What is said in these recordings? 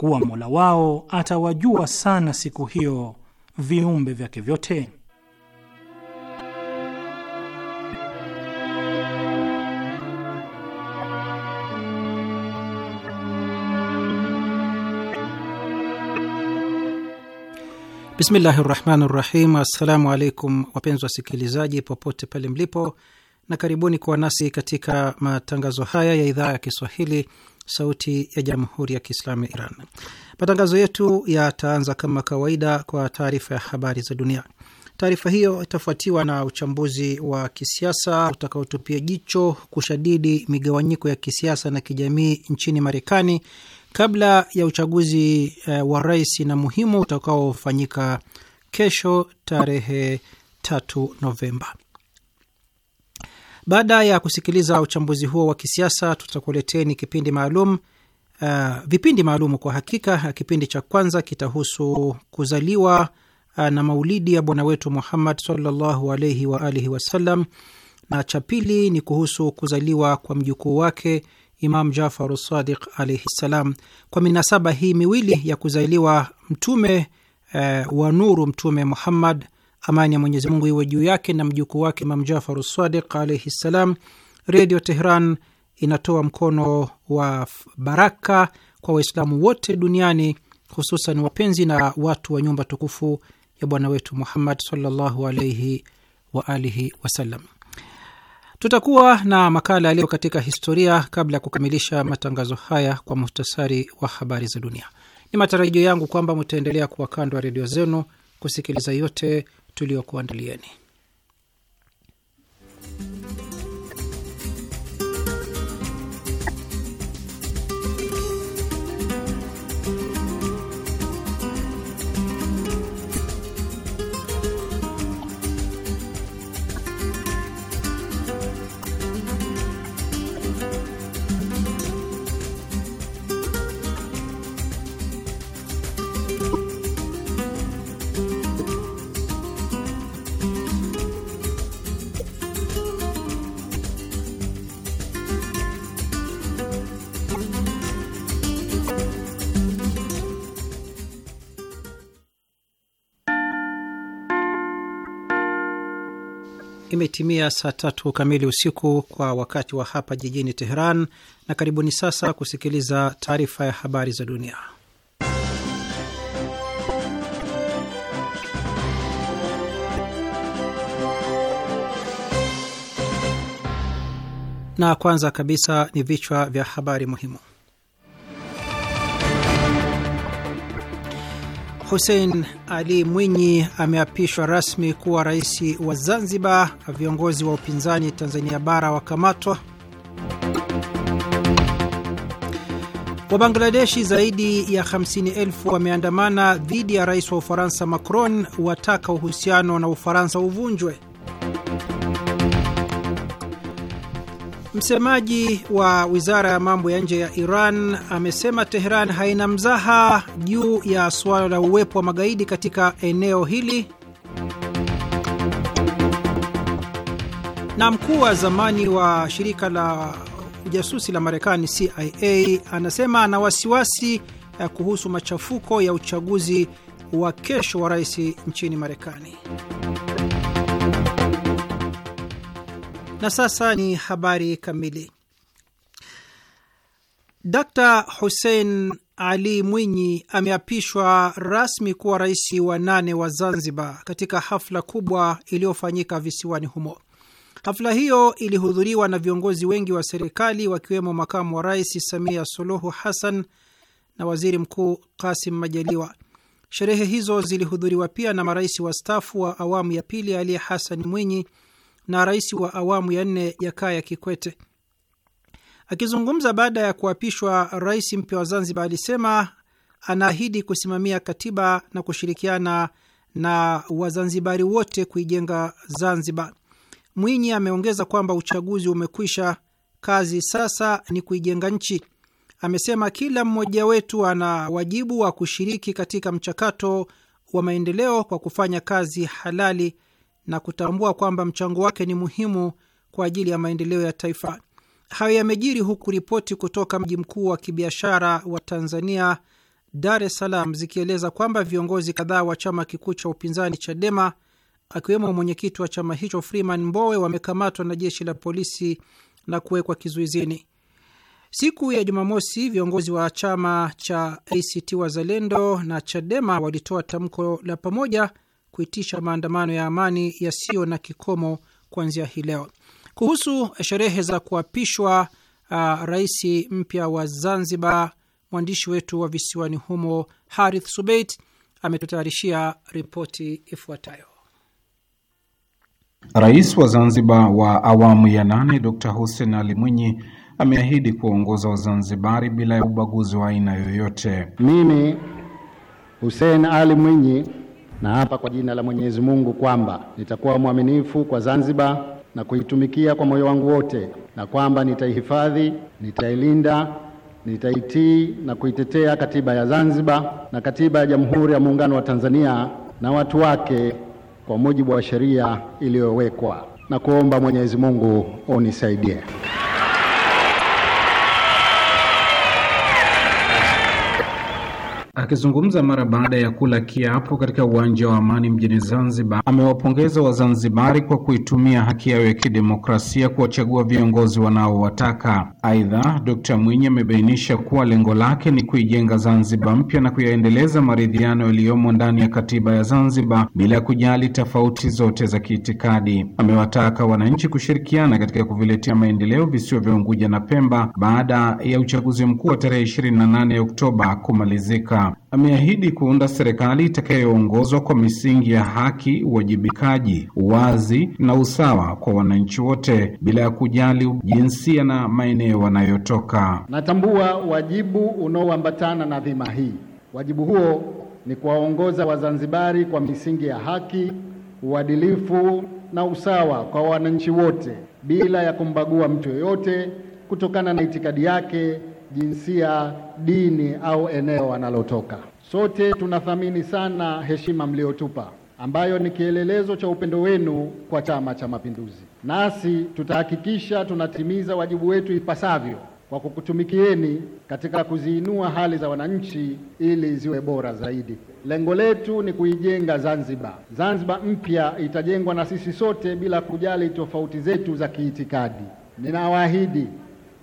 kuwa Mola wao atawajua sana siku hiyo viumbe vyake vyote. Bismillahi rahmani rahim. Assalamu alaikum wapenzi wasikilizaji popote pale mlipo, na karibuni kuwa nasi katika matangazo haya ya idhaa ya Kiswahili sauti ya jamhuri ya kiislamu ya Iran. Matangazo yetu yataanza kama kawaida kwa taarifa ya habari za dunia. Taarifa hiyo itafuatiwa na uchambuzi wa kisiasa utakaotupia jicho kushadidi migawanyiko ya kisiasa na kijamii nchini Marekani kabla ya uchaguzi eh, wa rais na muhimu utakaofanyika kesho tarehe 3 Novemba. Baada ya kusikiliza uchambuzi huo wa kisiasa, tutakuleteni kipindi maalum uh, vipindi maalum kwa hakika. Kipindi cha kwanza kitahusu kuzaliwa uh, na maulidi ya bwana wetu Muhammad sallallahu alaihi wa alihi wasallam, na cha pili ni kuhusu kuzaliwa kwa mjukuu wake Imam Jafar Sadiq alaihi ssalam. Kwa minasaba hii miwili ya kuzaliwa mtume uh, wa nuru, Mtume Muhammad Amani ya Mwenyezi Mungu iwe juu yake na mjukuu wake Imam Jafaru Sadiq alaihi ssalam. Redio Tehran inatoa mkono wa baraka kwa Waislamu wote duniani, hususan wapenzi na watu wa nyumba tukufu ya bwana wetu Muhammad sallallahu alaihi wa alihi wasallam. Tutakuwa na makala yaliyo katika historia kabla ya kukamilisha matangazo haya kwa muhtasari wa habari za dunia. Ni matarajio yangu kwamba mtaendelea kuwa kando ya redio zenu kusikiliza yote tuliokuandalieni. Imetimia saa tatu kamili usiku kwa wakati wa hapa jijini Teheran, na karibuni sasa kusikiliza taarifa ya habari za dunia. Na kwanza kabisa ni vichwa vya habari muhimu. Hussein Ali Mwinyi ameapishwa rasmi kuwa rais wa Zanzibar. Viongozi wa upinzani Tanzania bara wakamatwa. Wabangladeshi zaidi ya 50,000 wameandamana dhidi ya rais wa Ufaransa Macron, wataka uhusiano na Ufaransa uvunjwe. Msemaji wa wizara ya mambo ya nje ya Iran amesema Teheran haina mzaha juu ya suala la uwepo wa magaidi katika eneo hili. Na mkuu wa zamani wa shirika la ujasusi la Marekani CIA anasema ana wasiwasi eh, kuhusu machafuko ya uchaguzi wa kesho wa rais nchini Marekani. Na sasa ni habari kamili. Dr Hussein Ali Mwinyi ameapishwa rasmi kuwa rais wa nane wa Zanzibar katika hafla kubwa iliyofanyika visiwani humo. Hafla hiyo ilihudhuriwa na viongozi wengi wa serikali wakiwemo makamu wa rais Samia Suluhu Hassan na waziri mkuu Kasim Majaliwa. Sherehe hizo zilihudhuriwa pia na marais wastaafu wa awamu ya pili Ali Hassan Mwinyi na rais wa awamu ya nne Jakaya Kikwete. Akizungumza baada ya kuapishwa, rais mpya wa Zanzibar alisema anaahidi kusimamia katiba na kushirikiana na Wazanzibari wote kuijenga Zanzibar. Mwinyi ameongeza kwamba uchaguzi umekwisha, kazi sasa ni kuijenga nchi. Amesema kila mmoja wetu ana wajibu wa kushiriki katika mchakato wa maendeleo kwa kufanya kazi halali na kutambua kwamba mchango wake ni muhimu kwa ajili ya maendeleo ya taifa. Hayo yamejiri huku ripoti kutoka mji mkuu wa kibiashara wa Tanzania, Dar es Salaam, zikieleza kwamba viongozi kadhaa wa chama kikuu cha upinzani Chadema, akiwemo mwenyekiti wa chama hicho Freeman Mbowe, wamekamatwa na jeshi la polisi na kuwekwa kizuizini. Siku ya Jumamosi, viongozi wa chama cha ACT Wazalendo na Chadema walitoa tamko la pamoja kuitisha maandamano ya amani yasiyo na kikomo kuanzia hii leo. Kuhusu sherehe za kuapishwa uh, rais mpya wa Zanzibar, mwandishi wetu wa visiwani humo Harith Subeit ametutayarishia ripoti ifuatayo. Rais wa Zanzibar wa awamu ya nane Dr Hussein Ali Mwinyi ameahidi kuwaongoza Wazanzibari bila ya ubaguzi wa aina yoyote. Mimi Hussein Ali Mwinyi na hapa kwa jina la Mwenyezi Mungu kwamba nitakuwa mwaminifu kwa Zanzibar na kuitumikia kwa moyo wangu wote, na kwamba nitaihifadhi, nitailinda, nitaitii na kuitetea katiba ya Zanzibar na katiba ya Jamhuri ya Muungano wa Tanzania na watu wake kwa mujibu wa sheria iliyowekwa, na kuomba Mwenyezi Mungu unisaidie. Akizungumza mara baada ya kula kiapo katika uwanja wa Amani mjini Zanzibar, amewapongeza Wazanzibari kwa kuitumia haki yao ya kidemokrasia kuwachagua viongozi wanaowataka. Aidha, Dr Mwinyi amebainisha kuwa lengo lake ni kuijenga Zanzibar mpya na kuyaendeleza maridhiano yaliyomo ndani ya katiba ya Zanzibar bila kujali tofauti zote za kiitikadi. Amewataka wananchi kushirikiana katika kuviletea maendeleo visiwa vya Unguja na Pemba baada ya uchaguzi mkuu wa tarehe 28 Oktoba kumalizika ameahidi kuunda serikali itakayoongozwa kwa misingi ya haki, uwajibikaji, uwazi na usawa kwa wananchi wote bila ya kujali jinsia na maeneo wanayotoka. Natambua wajibu unaoambatana na dhima hii. Wajibu huo ni kuwaongoza Wazanzibari kwa misingi ya haki, uadilifu na usawa kwa wananchi wote bila ya kumbagua mtu yoyote kutokana na itikadi yake jinsia, dini au eneo wanalotoka. Sote tunathamini sana heshima mliotupa ambayo ni kielelezo cha upendo wenu kwa Chama cha Mapinduzi, nasi tutahakikisha tunatimiza wajibu wetu ipasavyo kwa kukutumikieni katika kuziinua hali za wananchi ili ziwe bora zaidi. Lengo letu ni kuijenga Zanzibar. Zanzibar mpya itajengwa na sisi sote bila kujali tofauti zetu za kiitikadi. Ninawaahidi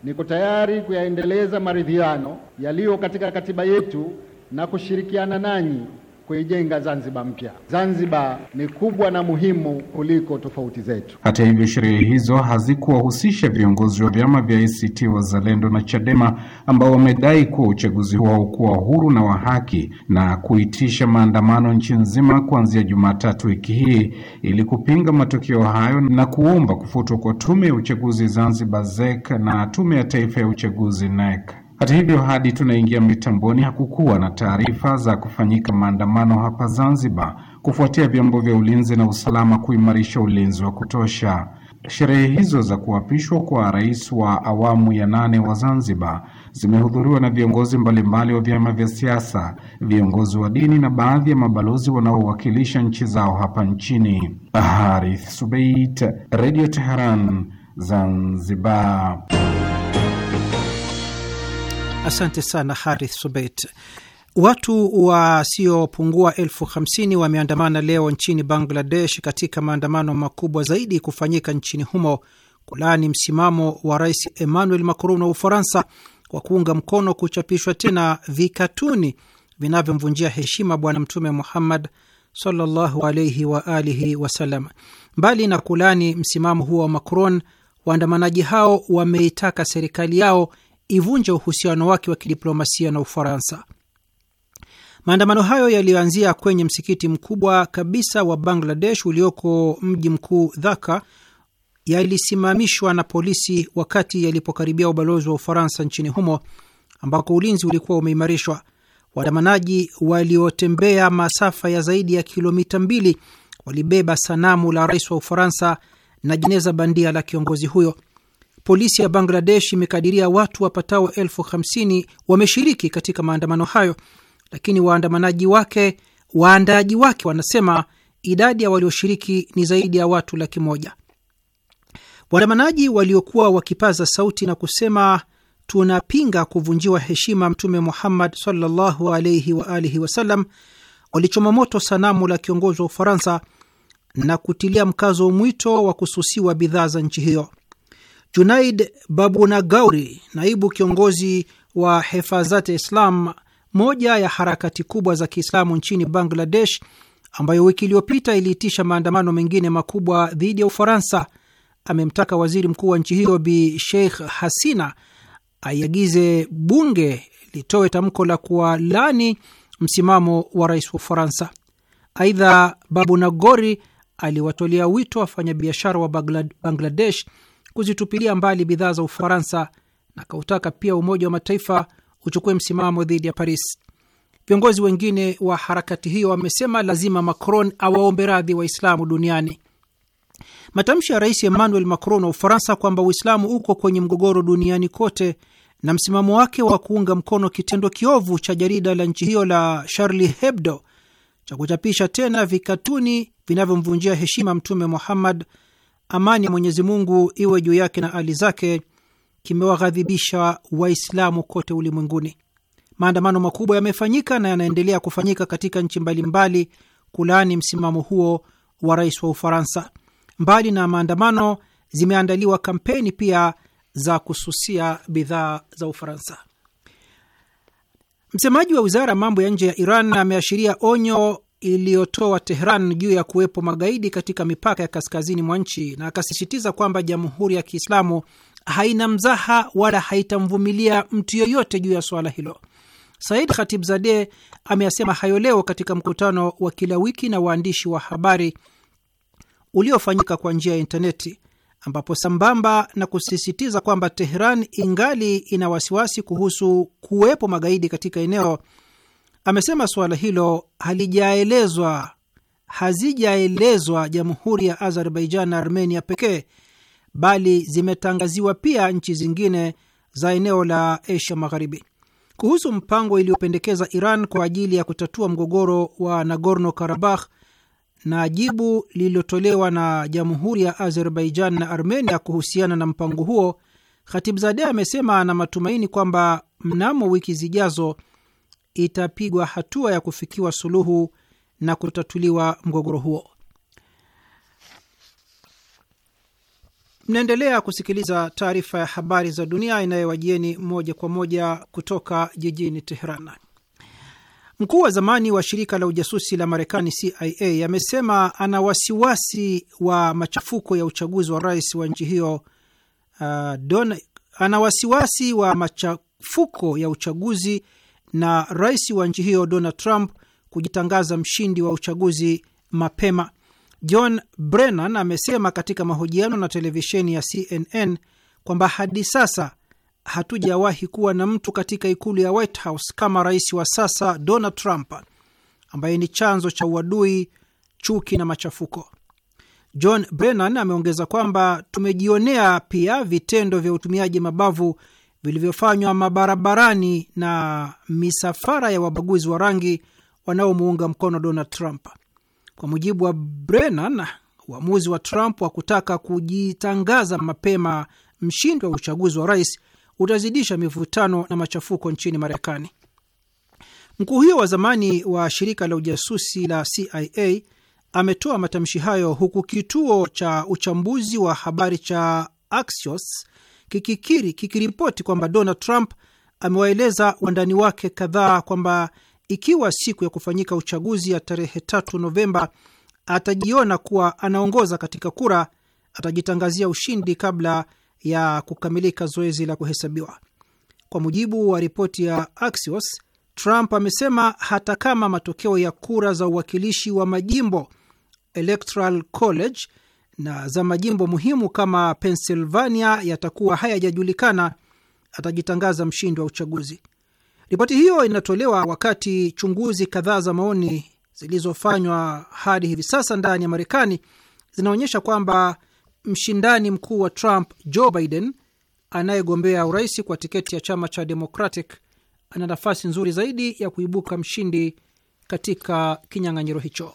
niko tayari kuyaendeleza maridhiano yaliyo katika katiba yetu na kushirikiana nanyi kuijenga Zanzibar mpya. Zanzibar ni kubwa na muhimu kuliko tofauti zetu. Hata hivyo, sherehe hizo hazikuwahusisha viongozi wa vyama vya ACT Wazalendo na Chadema ambao wamedai kuwa uchaguzi huo haukuwa huru na wa haki na kuitisha maandamano nchi nzima kuanzia Jumatatu wiki hii ili kupinga matokeo hayo na kuomba kufutwa kwa tume ya uchaguzi Zanzibar ZEK na tume ya taifa ya uchaguzi NEC. Hata hivyo, hadi tunaingia mitamboni hakukuwa na taarifa za kufanyika maandamano hapa Zanzibar kufuatia vyombo vya ulinzi na usalama kuimarisha ulinzi wa kutosha. Sherehe hizo za kuapishwa kwa rais wa awamu ya nane wa Zanzibar zimehudhuriwa na viongozi mbalimbali wa vyama vya siasa, viongozi wa dini na baadhi ya mabalozi wanaowakilisha nchi zao hapa nchini. Harith Subait, Radio Teheran, Zanzibar. Asante sana Harith Subeit. Watu wasiopungua elfu hamsini wameandamana leo nchini Bangladesh katika maandamano makubwa zaidi kufanyika nchini humo kulaani msimamo wa Rais Emmanuel Macron wa Ufaransa wa kuunga mkono kuchapishwa tena vikatuni vinavyomvunjia heshima Bwana Mtume Muhammad sallallahu alaihi wa alihi wasallam. Mbali na kulaani msimamo huo wa Macron, waandamanaji hao wameitaka serikali yao ivunje uhusiano wake wa kidiplomasia na Ufaransa. Maandamano hayo yaliyoanzia kwenye msikiti mkubwa kabisa wa Bangladesh ulioko mji mkuu Dhaka yalisimamishwa na polisi wakati yalipokaribia ubalozi wa Ufaransa nchini humo ambako ulinzi ulikuwa umeimarishwa. Waandamanaji waliotembea masafa ya zaidi ya kilomita mbili walibeba sanamu la rais wa Ufaransa na jeneza bandia la kiongozi huyo polisi ya Bangladesh imekadiria watu wapatao elfu hamsini wameshiriki katika maandamano hayo, lakini waandamanaji wake waandaaji wake wanasema idadi ya walioshiriki ni zaidi ya watu laki moja. Waandamanaji waliokuwa wakipaza sauti na kusema tunapinga kuvunjiwa heshima Mtume Muhammad sallallahu alaihi wa alihi wasallam walichoma moto sanamu la kiongozi wa Ufaransa na kutilia mkazo mwito wa kususiwa bidhaa za nchi hiyo. Junaid Babunagauri, naibu kiongozi wa Hefazat Islam, moja ya harakati kubwa za Kiislamu nchini Bangladesh, ambayo wiki iliyopita iliitisha maandamano mengine makubwa dhidi ya Ufaransa, amemtaka waziri mkuu wa nchi hiyo Bi Sheikh Hasina aiagize bunge litoe tamko la kuwalani msimamo wa rais wa Ufaransa. Aidha, babu nagori aliwatolea wito wafanyabiashara wa Bangladesh kuzitupilia mbali bidhaa za Ufaransa na kautaka pia Umoja wa Mataifa uchukue msimamo dhidi ya Paris. Viongozi wengine wa harakati hiyo wamesema lazima Macron awaombe radhi Waislamu duniani. Matamshi ya Rais Emmanuel Macron wa Ufaransa kwamba Uislamu uko kwenye mgogoro duniani kote na msimamo wake wa kuunga mkono kitendo kiovu cha jarida la nchi hiyo la Charlie Hebdo cha kuchapisha tena vikatuni vinavyomvunjia heshima Mtume Muhammad amani ya Mwenyezi Mungu iwe juu yake na ali zake, kimewaghadhibisha Waislamu kote ulimwenguni. Maandamano makubwa yamefanyika na yanaendelea kufanyika katika nchi mbalimbali kulaani msimamo huo wa rais wa Ufaransa. Mbali na maandamano, zimeandaliwa kampeni pia za kususia bidhaa za Ufaransa. Msemaji wa wizara ya mambo ya nje ya Iran ameashiria onyo iliyotoa Tehran juu ya kuwepo magaidi katika mipaka ya kaskazini mwa nchi, na akasisitiza kwamba jamhuri ya Kiislamu haina mzaha wala haitamvumilia mtu yoyote juu ya swala hilo. Said zade ameyasema hayo leo katika mkutano wa kila wiki na waandishi wa habari uliofanyika kwa njia ya intaneti, ambapo sambamba na kusisitiza kwamba Tehran ingali ina wasiwasi kuhusu kuwepo magaidi katika eneo Amesema suala hilo halijaelezwa hazijaelezwa jamhuri ya Azerbaijan na Armenia pekee, bali zimetangaziwa pia nchi zingine za eneo la Asia Magharibi. Kuhusu mpango iliyopendekeza Iran kwa ajili ya kutatua mgogoro wa Nagorno Karabakh na jibu lililotolewa na jamhuri ya Azerbaijan na Armenia kuhusiana na mpango huo, Khatibzadeh amesema ana matumaini kwamba mnamo wiki zijazo itapigwa hatua ya kufikiwa suluhu na kutatuliwa mgogoro huo. Mnaendelea kusikiliza taarifa ya habari za dunia inayowajieni moja kwa moja kutoka jijini Teheran. Mkuu wa zamani wa shirika la ujasusi la Marekani CIA amesema ana wasiwasi wa machafuko ya uchaguzi wa rais wa nchi hiyo uh, Don, ana wasiwasi wa machafuko ya uchaguzi na rais wa nchi hiyo Donald Trump kujitangaza mshindi wa uchaguzi mapema. John Brennan amesema katika mahojiano na televisheni ya CNN kwamba hadi sasa hatujawahi kuwa na mtu katika ikulu ya White House kama rais wa sasa Donald Trump ambaye ni chanzo cha uadui, chuki na machafuko. John Brennan ameongeza kwamba tumejionea pia vitendo vya utumiaji mabavu vilivyofanywa mabarabarani na misafara ya wabaguzi wa rangi wanaomuunga mkono Donald Trump. Kwa mujibu wa Brennan, uamuzi wa Trump wa kutaka kujitangaza mapema mshindi wa uchaguzi wa rais utazidisha mivutano na machafuko nchini Marekani. Mkuu huyo wa zamani wa shirika la ujasusi la CIA ametoa matamshi hayo huku kituo cha uchambuzi wa habari cha Axios kikikiri kikiripoti kwamba Donald Trump amewaeleza wandani wake kadhaa kwamba ikiwa siku ya kufanyika uchaguzi ya tarehe tatu Novemba atajiona kuwa anaongoza katika kura, atajitangazia ushindi kabla ya kukamilika zoezi la kuhesabiwa. Kwa mujibu wa ripoti ya Axios, Trump amesema hata kama matokeo ya kura za uwakilishi wa majimbo Electoral College na za majimbo muhimu kama Pennsylvania yatakuwa hayajajulikana atajitangaza mshindi wa uchaguzi. Ripoti hiyo inatolewa wakati chunguzi kadhaa za maoni zilizofanywa hadi hivi sasa ndani ya Marekani zinaonyesha kwamba mshindani mkuu wa Trump, Joe Biden, anayegombea urais kwa tiketi ya chama cha Democratic, ana nafasi nzuri zaidi ya kuibuka mshindi katika kinyang'anyiro hicho.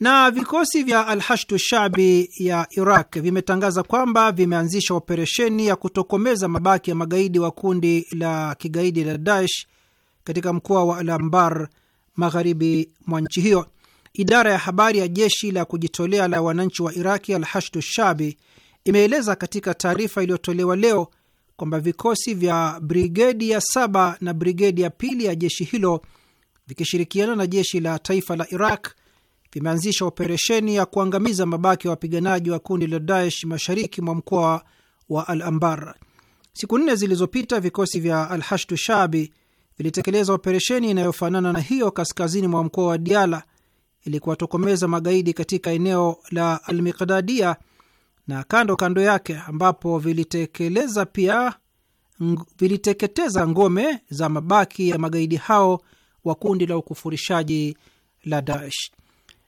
Na vikosi vya Alhashdu Shabi ya Iraq vimetangaza kwamba vimeanzisha operesheni ya kutokomeza mabaki ya magaidi wa kundi la kigaidi la Daesh katika mkoa wa alambar magharibi mwa nchi hiyo. Idara ya habari ya jeshi la kujitolea la wananchi wa Iraki Alhashdu Shabi imeeleza katika taarifa iliyotolewa leo kwamba vikosi vya brigedi ya saba na brigedi ya pili ya jeshi hilo vikishirikiana na jeshi la taifa la Iraq vimeanzisha operesheni ya kuangamiza mabaki ya wapiganaji wa kundi la Daesh mashariki mwa mkoa wa Al Ambar. Siku nne zilizopita, vikosi vya Al Hashdu shabi vilitekeleza operesheni inayofanana na hiyo kaskazini mwa mkoa wa Diala ili kuwatokomeza magaidi katika eneo la Al Miqdadia na kando kando yake, ambapo vilitekeleza pia viliteketeza ngome za mabaki ya magaidi hao wa kundi la ukufurishaji la Daesh.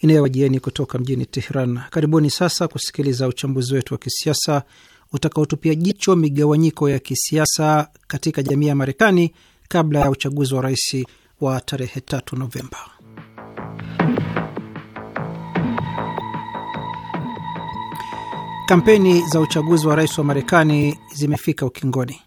inayowajieni kutoka mjini Tehran. Karibuni sasa kusikiliza uchambuzi wetu wa kisiasa utakaotupia jicho migawanyiko ya kisiasa katika jamii ya Marekani kabla ya uchaguzi wa rais wa tarehe 3 Novemba. Kampeni za uchaguzi wa rais wa Marekani zimefika ukingoni,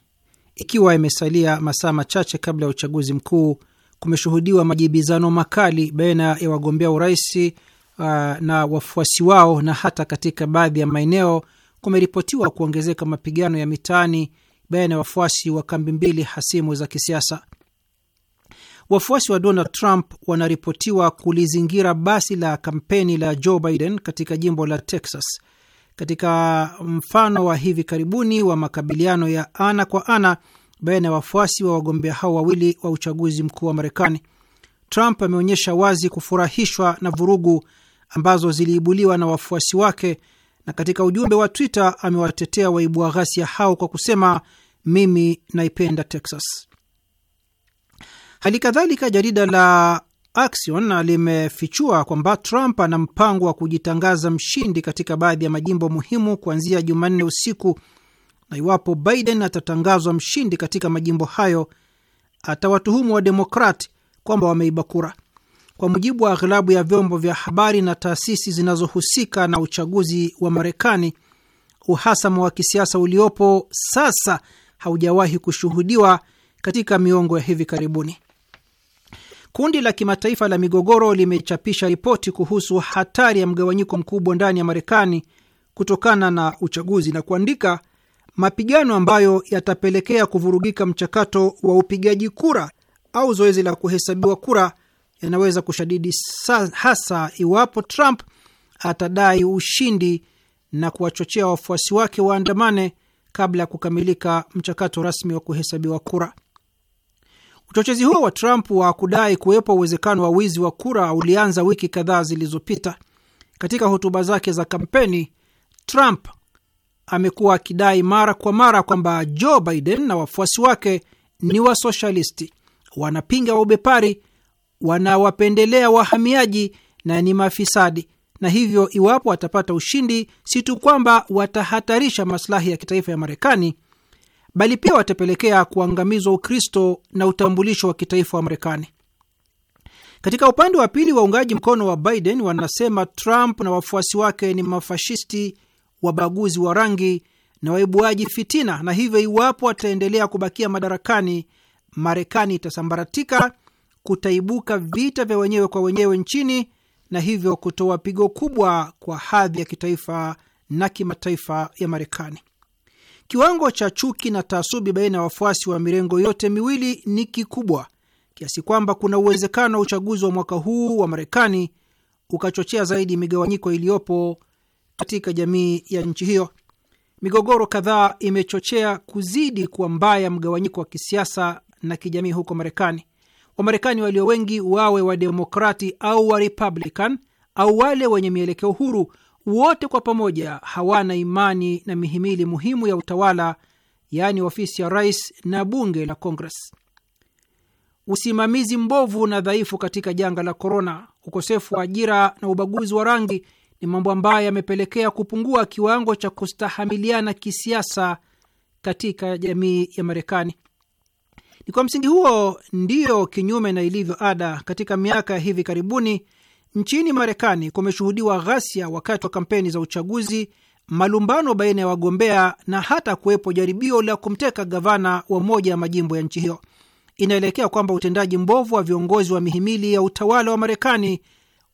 ikiwa imesalia masaa machache kabla ya uchaguzi mkuu kumeshuhudiwa majibizano makali baina ya wagombea urais uh, na wafuasi wao, na hata katika baadhi ya maeneo kumeripotiwa kuongezeka mapigano ya mitaani baina ya wafuasi wa kambi mbili hasimu za kisiasa. Wafuasi wa Donald Trump wanaripotiwa kulizingira basi la kampeni la Joe Biden katika jimbo la Texas katika mfano wa hivi karibuni wa makabiliano ya ana kwa ana baina ya wafuasi wa wagombea hao wawili wa uchaguzi mkuu wa Marekani. Trump ameonyesha wazi kufurahishwa na vurugu ambazo ziliibuliwa na wafuasi wake, na katika ujumbe wa Twitter amewatetea waibua ghasia hao kwa kusema, mimi naipenda Texas. Hali kadhalika jarida la Axios limefichua kwamba Trump ana mpango wa kujitangaza mshindi katika baadhi ya majimbo muhimu kuanzia Jumanne usiku na iwapo Biden atatangazwa mshindi katika majimbo hayo atawatuhumu demokrat kwamba wameiba kura. Kwa mujibu wa aghlabu ya vyombo vya habari na taasisi zinazohusika na uchaguzi wa Marekani, uhasama wa kisiasa uliopo sasa haujawahi kushuhudiwa katika miongo ya hivi karibuni. Kundi la kimataifa la migogoro limechapisha ripoti kuhusu hatari ya mgawanyiko mkubwa ndani ya Marekani kutokana na uchaguzi na kuandika mapigano ambayo yatapelekea kuvurugika mchakato wa upigaji kura au zoezi la kuhesabiwa kura yanaweza kushadidi hasa iwapo Trump atadai ushindi na kuwachochea wafuasi wake waandamane kabla ya kukamilika mchakato rasmi wa kuhesabiwa kura. Uchochezi huo wa Trump wa kudai kuwepo uwezekano wa wizi wa kura ulianza wiki kadhaa zilizopita. Katika hotuba zake za kampeni, Trump amekuwa akidai mara kwa mara kwamba Joe Biden na wafuasi wake ni wasoshalisti, wanapinga ubepari wanawapendelea wahamiaji na ni mafisadi, na hivyo iwapo watapata ushindi, si tu kwamba watahatarisha maslahi ya kitaifa ya Marekani, bali pia watapelekea kuangamizwa Ukristo na utambulisho wa kitaifa wa Marekani. Katika upande wa pili, waungaji mkono wa Biden wanasema Trump na wafuasi wake ni mafashisti wabaguzi wa rangi na waibuaji fitina, na hivyo iwapo ataendelea kubakia madarakani, Marekani itasambaratika, kutaibuka vita vya wenyewe kwa wenyewe nchini na hivyo kutoa pigo kubwa kwa hadhi ya kitaifa na kimataifa ya Marekani. Kiwango cha chuki na taasubi baina ya wafuasi wa mirengo yote miwili ni kikubwa kiasi kwamba kuna uwezekano wa uchaguzi wa mwaka huu wa Marekani ukachochea zaidi migawanyiko iliyopo katika jamii ya nchi hiyo. Migogoro kadhaa imechochea kuzidi kuwa mbaya mgawanyiko wa kisiasa na kijamii huko Marekani. Wamarekani walio wengi, wawe wademokrati au warepublican au wale wenye mielekeo huru, wote kwa pamoja hawana imani na mihimili muhimu ya utawala, yaani ofisi ya rais na bunge la Congress. Usimamizi mbovu na dhaifu katika janga la korona, ukosefu wa ajira na ubaguzi wa rangi ni mambo ambayo yamepelekea kupungua kiwango cha kustahamiliana kisiasa katika jamii ya Marekani. Ni kwa msingi huo ndiyo, kinyume na ilivyo ada, katika miaka ya hivi karibuni nchini Marekani kumeshuhudiwa ghasia wakati wa kampeni za uchaguzi, malumbano baina ya wagombea na hata kuwepo jaribio la kumteka gavana wa moja ya majimbo ya nchi hiyo. Inaelekea kwamba utendaji mbovu wa viongozi wa mihimili ya utawala wa Marekani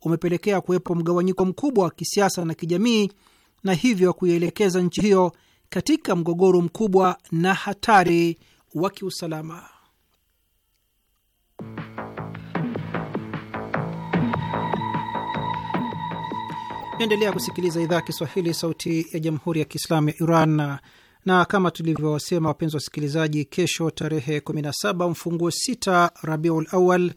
umepelekea kuwepo mgawanyiko mkubwa wa kisiasa na kijamii na hivyo kuielekeza nchi hiyo katika mgogoro mkubwa na hatari wa kiusalama. Naendelea kusikiliza idhaa ya Kiswahili, sauti ya jamhuri ya kiislamu ya Iran. Na kama tulivyosema, wapenzi wa wasikilizaji, kesho tarehe 17 mfunguo 6 Rabiul Awal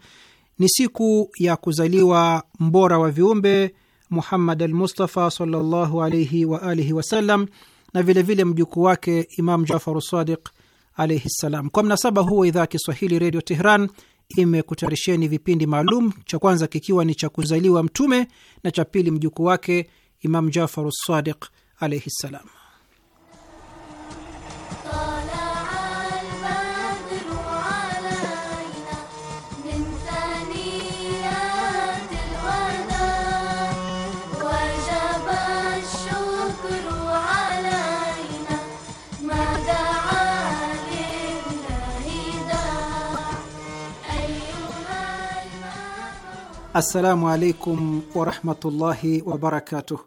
ni siku ya kuzaliwa mbora wa viumbe Muhammad al Mustafa sallallahu alaihi wa alihi wasallam na vilevile mjukuu wake Imam Jafaru Sadiq alaihi ssalam. Kwa mnasaba huo, idhaa ya Kiswahili Redio Tehran imekutarisheni vipindi maalum, cha kwanza kikiwa ni cha kuzaliwa Mtume na cha pili mjukuu wake Imam Jafaru Sadiq alaihi ssalam. Assalamu alaikum warahmatullahi wabarakatuh.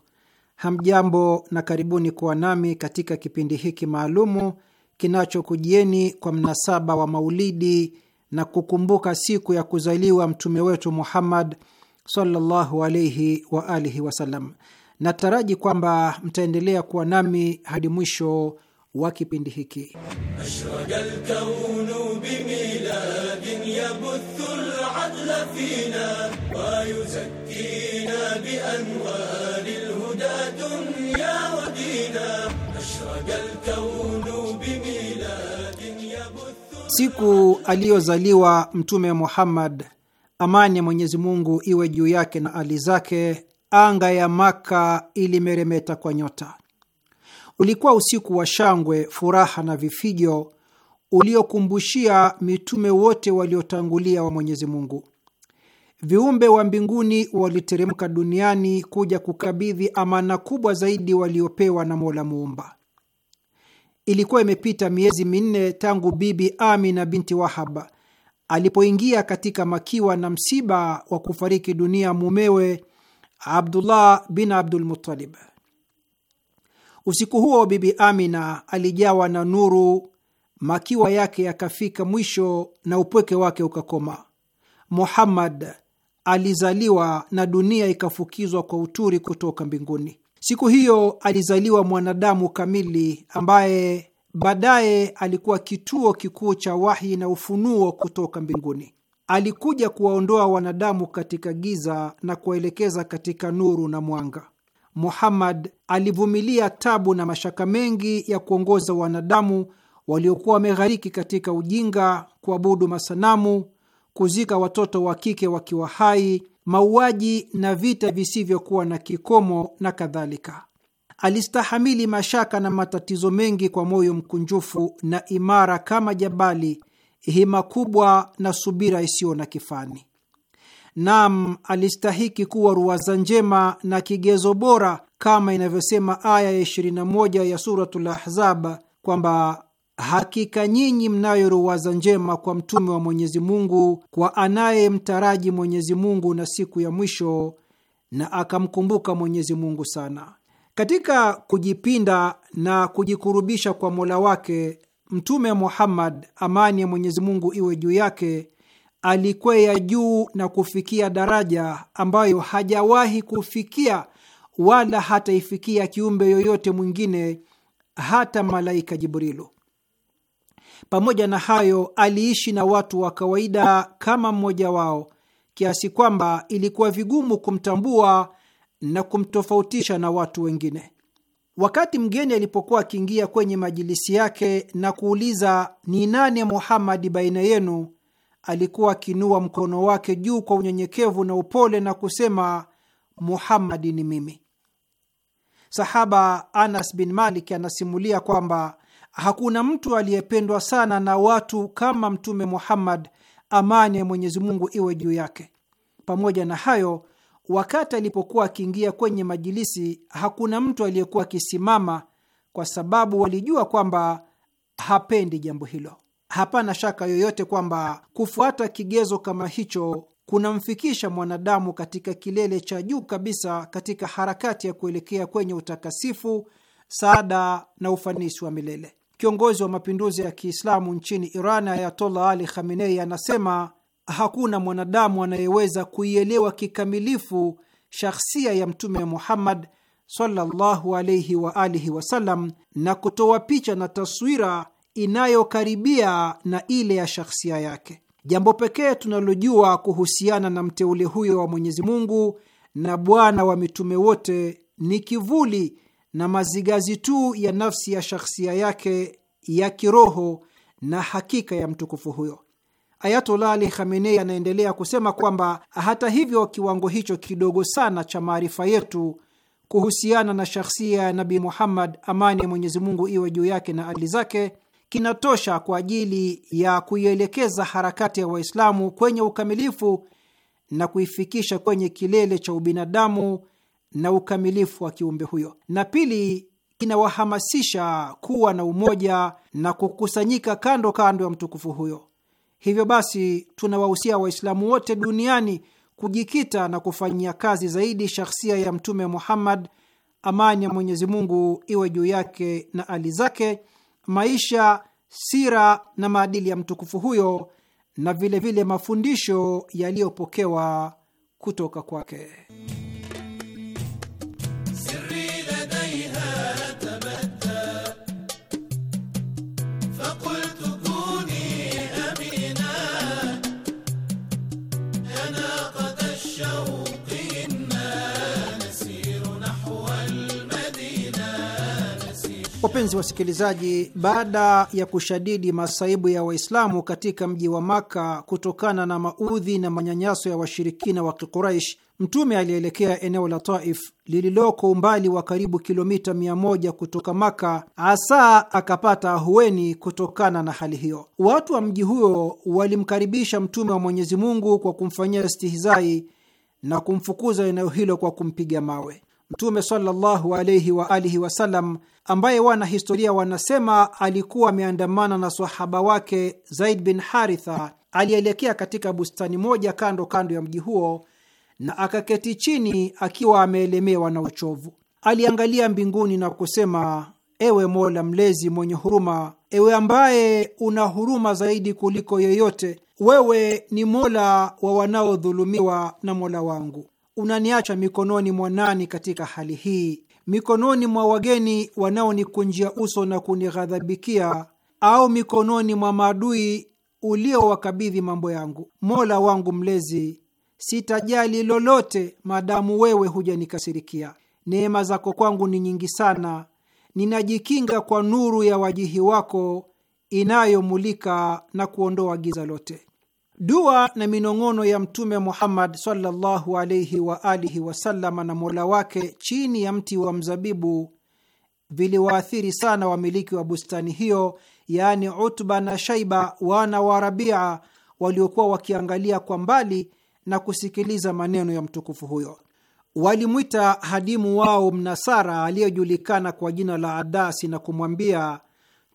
Hamjambo na karibuni kuwa nami katika kipindi hiki maalumu kinachokujieni kwa mnasaba wa maulidi na kukumbuka siku ya kuzaliwa mtume wetu Muhammad sallallahu alaihi wa alihi wasallam. Nataraji kwamba mtaendelea kuwa nami hadi mwisho wa kipindi hiki. Siku aliyozaliwa Mtume Muhammad, amani ya Mwenyezi Mungu iwe juu yake na ali zake, anga ya Maka ilimeremeta kwa nyota Ulikuwa usiku wa shangwe, furaha na vifijo uliokumbushia mitume wote waliotangulia wa Mwenyezi Mungu. Viumbe wa mbinguni waliteremka duniani kuja kukabidhi amana kubwa zaidi waliopewa na Mola Muumba. Ilikuwa imepita miezi minne tangu Bibi Amina binti Wahaba alipoingia katika makiwa na msiba wa kufariki dunia mumewe Abdullah bin Abdul Muttalib. Usiku huo Bibi Amina alijawa na nuru, makiwa yake yakafika mwisho na upweke wake ukakoma. Muhammad alizaliwa na dunia ikafukizwa kwa uturi kutoka mbinguni. Siku hiyo alizaliwa mwanadamu kamili ambaye baadaye alikuwa kituo kikuu cha wahi na ufunuo kutoka mbinguni. Alikuja kuwaondoa wanadamu katika giza na kuwaelekeza katika nuru na mwanga. Muhammad alivumilia tabu na mashaka mengi ya kuongoza wanadamu waliokuwa wameghariki katika ujinga, kuabudu masanamu, kuzika watoto wa kike wakiwa hai, mauaji na vita visivyokuwa na kikomo na kadhalika. Alistahamili mashaka na matatizo mengi kwa moyo mkunjufu na imara kama jabali, hima kubwa na subira isiyo na kifani. Naam, alistahiki kuwa ruwaza njema na kigezo bora, kama inavyosema aya ya 21 ya Suratul Ahzab kwamba hakika nyinyi mnayo ruwaza njema kwa mtume wa Mwenyezi Mungu, kwa anayemtaraji Mwenyezi Mungu na siku ya mwisho na akamkumbuka Mwenyezi Mungu sana. Katika kujipinda na kujikurubisha kwa mola wake, Mtume Muhammad, amani ya Mwenyezi Mungu iwe juu yake, alikwea juu na kufikia daraja ambayo hajawahi kufikia wala hataifikia kiumbe yoyote mwingine, hata malaika Jibrilu. Pamoja na hayo, aliishi na watu wa kawaida kama mmoja wao, kiasi kwamba ilikuwa vigumu kumtambua na kumtofautisha na watu wengine. Wakati mgeni alipokuwa akiingia kwenye majilisi yake na kuuliza ni nani Muhammadi baina yenu, alikuwa akiinua mkono wake juu kwa unyenyekevu na upole na kusema, Muhammadi ni mimi. Sahaba Anas bin Malik anasimulia kwamba hakuna mtu aliyependwa sana na watu kama Mtume Muhammad, amani ya Mwenyezi Mungu iwe juu yake. Pamoja na hayo, wakati alipokuwa akiingia kwenye majilisi, hakuna mtu aliyekuwa akisimama, kwa sababu walijua kwamba hapendi jambo hilo. Hapana shaka yoyote kwamba kufuata kigezo kama hicho kunamfikisha mwanadamu katika kilele cha juu kabisa katika harakati ya kuelekea kwenye utakasifu, saada na ufanisi wa milele. Kiongozi wa mapinduzi ya Kiislamu nchini Iran, Ayatollah Ali Khamenei, anasema hakuna mwanadamu anayeweza kuielewa kikamilifu shahsia ya Mtume Muhammad sallallahu alaihi wa alihi wasallam na kutoa picha na taswira inayokaribia na ile ya shakhsia yake. Jambo pekee tunalojua kuhusiana na mteule huyo wa Mwenyezi Mungu na bwana wa mitume wote ni kivuli na mazigazi tu ya nafsi ya shakhsia yake ya kiroho na hakika ya mtukufu huyo. Ayatollah Ali Khamenei anaendelea kusema kwamba hata hivyo, kiwango hicho kidogo sana cha maarifa yetu kuhusiana na shakhsia ya Nabii Muhammad, amani ya Mwenyezi Mungu iwe juu yake na ali zake, kinatosha kwa ajili ya kuielekeza harakati ya Waislamu kwenye ukamilifu na kuifikisha kwenye kilele cha ubinadamu na ukamilifu wa kiumbe huyo, na pili kinawahamasisha kuwa na umoja na kukusanyika kando kando ya mtukufu huyo. Hivyo basi, tunawahusia Waislamu wote duniani kujikita na kufanyia kazi zaidi shakhsia ya Mtume Muhammad, amani ya Mwenyezi Mungu iwe juu yake na ali zake maisha, sira na maadili ya mtukufu huyo na vilevile vile mafundisho yaliyopokewa kutoka kwake. Wapenzi wasikilizaji, baada ya kushadidi masaibu ya Waislamu katika mji wa Maka kutokana na maudhi na manyanyaso ya washirikina wa Kiquraish, Mtume alielekea eneo la Taif lililoko umbali wa karibu kilomita 100 kutoka Maka, asa akapata ahueni kutokana na hali hiyo. Watu wa mji huo walimkaribisha Mtume wa Mwenyezi Mungu kwa kumfanyia stihizai na kumfukuza eneo hilo kwa kumpiga mawe. Mtume sallallahu alaihi wa alihi wasallam, ambaye wanahistoria wanasema alikuwa ameandamana na sahaba wake Zaid bin Haritha, alielekea katika bustani moja kando kando ya mji huo na akaketi chini akiwa ameelemewa na uchovu. Aliangalia mbinguni na kusema, ewe Mola Mlezi mwenye huruma, ewe ambaye una huruma zaidi kuliko yeyote, wewe ni Mola wa wanaodhulumiwa na Mola wangu unaniacha mikononi mwa nani katika hali hii? Mikononi mwa wageni wanaonikunjia uso na kunighadhabikia, au mikononi mwa maadui uliowakabidhi mambo yangu? Mola wangu Mlezi, sitajali lolote maadamu wewe hujanikasirikia. Neema zako kwangu ni nyingi sana, ninajikinga kwa nuru ya wajihi wako inayomulika na kuondoa giza lote. Dua na minong'ono ya Mtume Muhammad sallallahu alaihi wa alihi na mola wake chini ya mti wa mzabibu viliwaathiri sana wamiliki wa bustani hiyo, yaani Utba na Shaiba wana wa Rabia, waliokuwa wakiangalia kwa mbali na kusikiliza maneno ya mtukufu huyo. Walimwita hadimu wao Mnasara aliyejulikana kwa jina la Adasi na kumwambia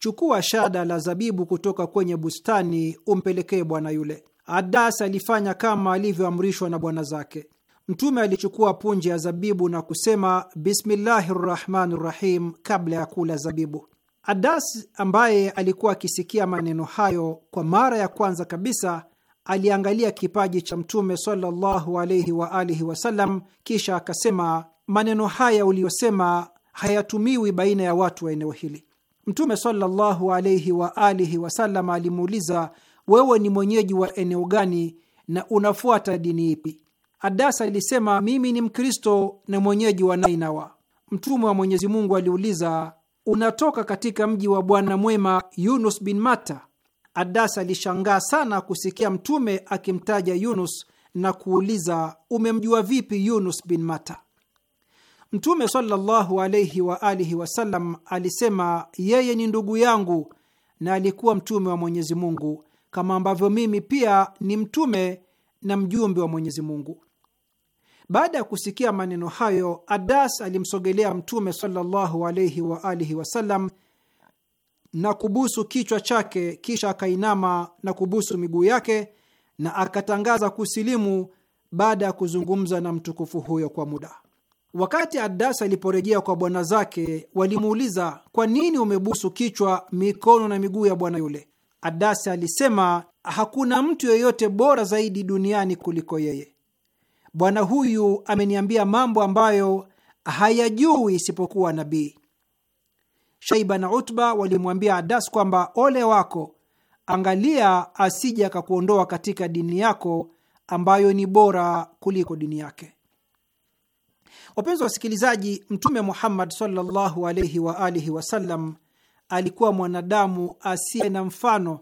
chukua shada la zabibu kutoka kwenye bustani umpelekee bwana yule. Adas alifanya kama alivyoamrishwa na bwana zake. Mtume alichukua punje ya zabibu na kusema bismillahi rrahmani rrahim, kabla ya kula zabibu. Adas ambaye alikuwa akisikia maneno hayo kwa mara ya kwanza kabisa aliangalia kipaji cha Mtume sallallahu alaihi wa alihi wasallam, kisha akasema, maneno haya uliyosema hayatumiwi baina ya watu wa eneo hili. Mtume sallallahu alaihi wa alihi wasallam alimuuliza, wewe ni mwenyeji wa eneo gani na unafuata dini ipi? Adasa alisema mimi ni Mkristo na mwenyeji wa Nainawa. Mtume wa Mwenyezi Mungu aliuliza, unatoka katika mji wa bwana mwema Yunus bin Mata? Adasa alishangaa sana kusikia Mtume akimtaja Yunus na kuuliza, umemjua vipi Yunus bin Mata? Mtume sallallahu wa alihi wasallam alisema, yeye ni ndugu yangu na alikuwa mtume wa Mwenyezi Mungu kama ambavyo mimi pia ni mtume na mjumbe wa Mwenyezi Mungu. Baada ya kusikia maneno hayo, Adas alimsogelea Mtume sallallahu wa alihi wasallam na kubusu kichwa chake, kisha akainama na kubusu miguu yake na akatangaza kusilimu baada ya kuzungumza na mtukufu huyo kwa muda. Wakati Adasa aliporejea kwa bwana zake, walimuuliza kwa nini umebusu kichwa, mikono na miguu ya bwana yule? Adasa alisema hakuna mtu yeyote bora zaidi duniani kuliko yeye. Bwana huyu ameniambia mambo ambayo hayajui isipokuwa nabii. Shaiba na Utba walimwambia Adas kwamba ole wako, angalia asije akakuondoa katika dini yako ambayo ni bora kuliko dini yake. Wapenzi wasikilizaji, Mtume Muhammad sallallahu alaihi wa alihi wasallam alikuwa mwanadamu asiye na mfano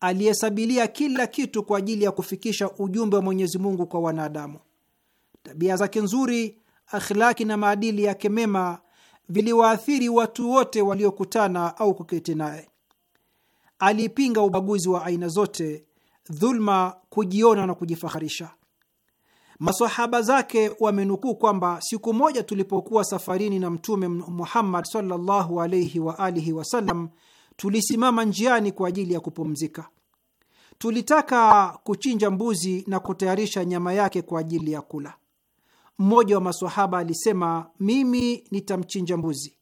aliyesabilia kila kitu kwa ajili ya kufikisha ujumbe wa Mwenyezi Mungu kwa wanadamu. Tabia zake nzuri, akhlaki na maadili yake mema viliwaathiri watu wote waliokutana au kuketi naye. Alipinga ubaguzi wa aina zote, dhulma, kujiona na kujifaharisha. Masahaba zake wamenukuu kwamba siku moja tulipokuwa safarini na Mtume Muhammad sallallahu alaihi wa alihi wasallam, tulisimama njiani kwa ajili ya kupumzika. Tulitaka kuchinja mbuzi na kutayarisha nyama yake kwa ajili ya kula. Mmoja wa masahaba alisema, mimi nitamchinja mbuzi.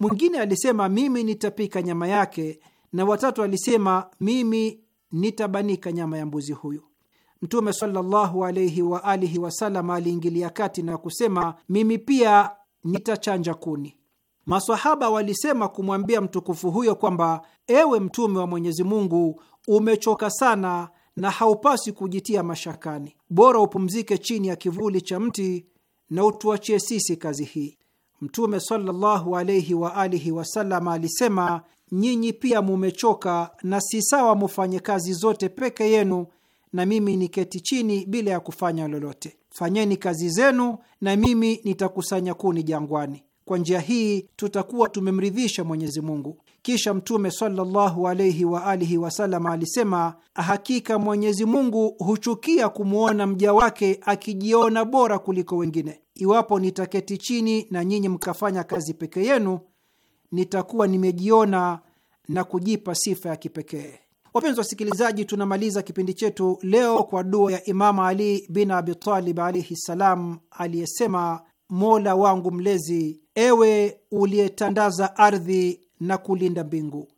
Mwingine alisema, mimi nitapika nyama yake, na watatu alisema, mimi nitabanika nyama ya mbuzi huyu. Mtume sallallahu wa alihi wasallam aliingilia kati na kusema, mimi pia nitachanja kuni. Masahaba walisema kumwambia mtukufu huyo kwamba, ewe Mtume wa Mwenyezi Mungu, umechoka sana na haupasi kujitia mashakani, bora upumzike chini ya kivuli cha mti na utuachie sisi kazi hii. Mtume sallallahu wa alihi wasallam alisema, nyinyi pia mumechoka na si sawa mufanye kazi zote peke yenu na mimi niketi chini bila ya kufanya lolote. Fanyeni kazi zenu na mimi nitakusanya kuni jangwani. Kwa njia hii tutakuwa tumemridhisha Mwenyezi Mungu. Kisha Mtume sallallahu alaihi wa alihi wasallam alisema, hakika Mwenyezi Mungu huchukia kumwona mja wake akijiona bora kuliko wengine. Iwapo nitaketi chini na nyinyi mkafanya kazi peke yenu, nitakuwa nimejiona na kujipa sifa ya kipekee. Wapenzi wasikilizaji, tunamaliza kipindi chetu leo kwa dua ya Imamu Ali bin Abitalib alaihi ssalam, aliyesema: Mola wangu Mlezi, ewe uliyetandaza ardhi na kulinda mbingu,